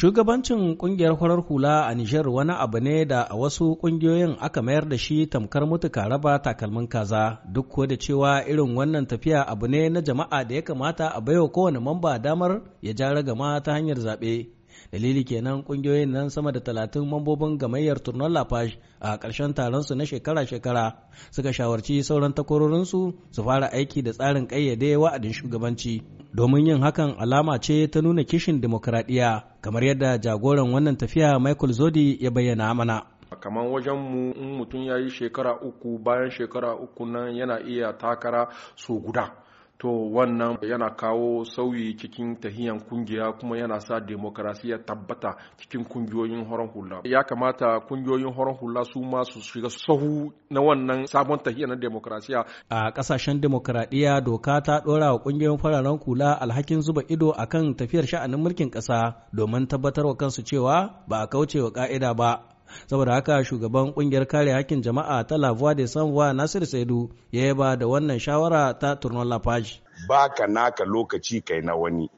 Shugabancin ƙungiyar farar hula a Nijar wani abu ne da a wasu ƙungiyoyin aka mayar da shi tamkar mutuka raba takalmin kaza duk ko da cewa irin wannan tafiya abu ne na jama'a da ya kamata a baiwa kowane mamba damar ya ja ragama ta hanyar zaɓe. dalili kenan kungiyoyin nan sama da talatin mambobin gamayyar turnon lafash a ƙarshen taron su na shekara-shekara suka shawarci sauran takwarorinsu su fara aiki da tsarin ƙayyade wa'adin shugabanci domin yin hakan alama ce ta nuna kishin dimokuraɗiyya kamar yadda jagoran wannan tafiya michael zodi ya bayyana mana kamar wajen mu in mutum ya yi shekara uku bayan shekara uku nan yana iya takara so guda to wannan yana kawo sauyi cikin tahiyan kungiya kuma yana sa demokrasiya tabbata cikin kungiyoyin horon hula ya kamata kungiyoyin horon hula su ma su shiga sahu na wannan sabon tahiya na demokrasiya a kasashen demokradiya doka ta dora wa kungiyoyin fararen kula alhakin zuba ido akan tafiyar sha'anin mulkin kasa domin tabbatar wa kansu cewa ba a kauce wa ka'ida ba saboda haka shugaban kungiyar kare hakkin jama'a ta la voix de sanwa nasir saidu ya yaba da wannan shawara ta page Ba ka naka lokaci kai na wani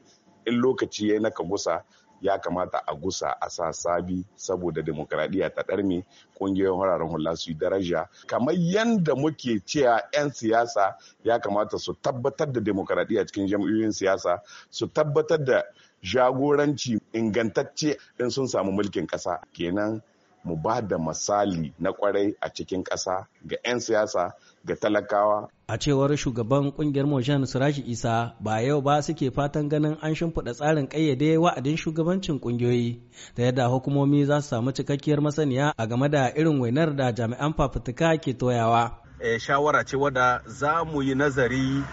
in lokaci ya naka gusa ya kamata a gusa a sa sabi saboda demokradiyya ta ɗarme kungiyoyin wararen hula su yi daraja kamar yadda muke cewa 'yan siyasa ya kamata su tabbatar da demokradiyya cikin jam'iyyoyin siyasa su tabbatar da jagoranci ingantacce in sun samu mulkin ƙasa kenan mu ba da misali na kwarai a cikin ƙasa ga 'yan siyasa ga talakawa. A cewar shugaban kungiyar Mojan Suraji Isa ba yau ba suke fatan ganin an shimfiɗa tsarin ƙayyade wa'adin shugabancin kungiyoyi da yadda hukumomi za su samu cikakkiyar masaniya a game da irin wainar da jami'an fafutuka ke toyawa. Eh, shawara ce wadda za mu yi nazari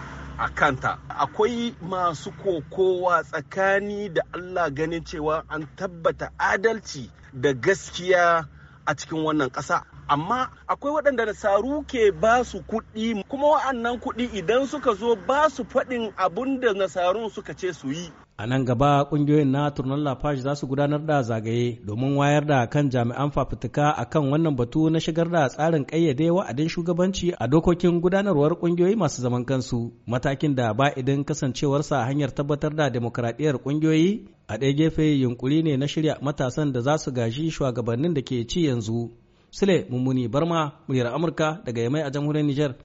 a kanta akwai masu kokowa tsakani da allah ganin cewa an tabbata adalci da gaskiya a cikin wannan ƙasa amma akwai waɗanda nasaru ke ba su kuɗi kuma wa'annan kuɗi idan suka zo ba su faɗin abun da nasarun suka ce su yi A nan gaba ƙungiyoyin na Turnan lafashi za su gudanar da zagaye domin wayar da kan jami'an fafutuka a kan wannan batu na shigar da tsarin ƙayyade wa'adin shugabanci a dokokin gudanarwar ƙungiyoyi masu zaman kansu matakin da ba idan kasancewarsa hanyar tabbatar da demokradiyyar ƙungiyoyi a ɗaya gefe yunkuri ne na shirya matasan da za su gaji shugabannin da ke ci yanzu. Sule Mummuni Barma, muryar Amurka daga Yamai a jamhuriyar Nijar.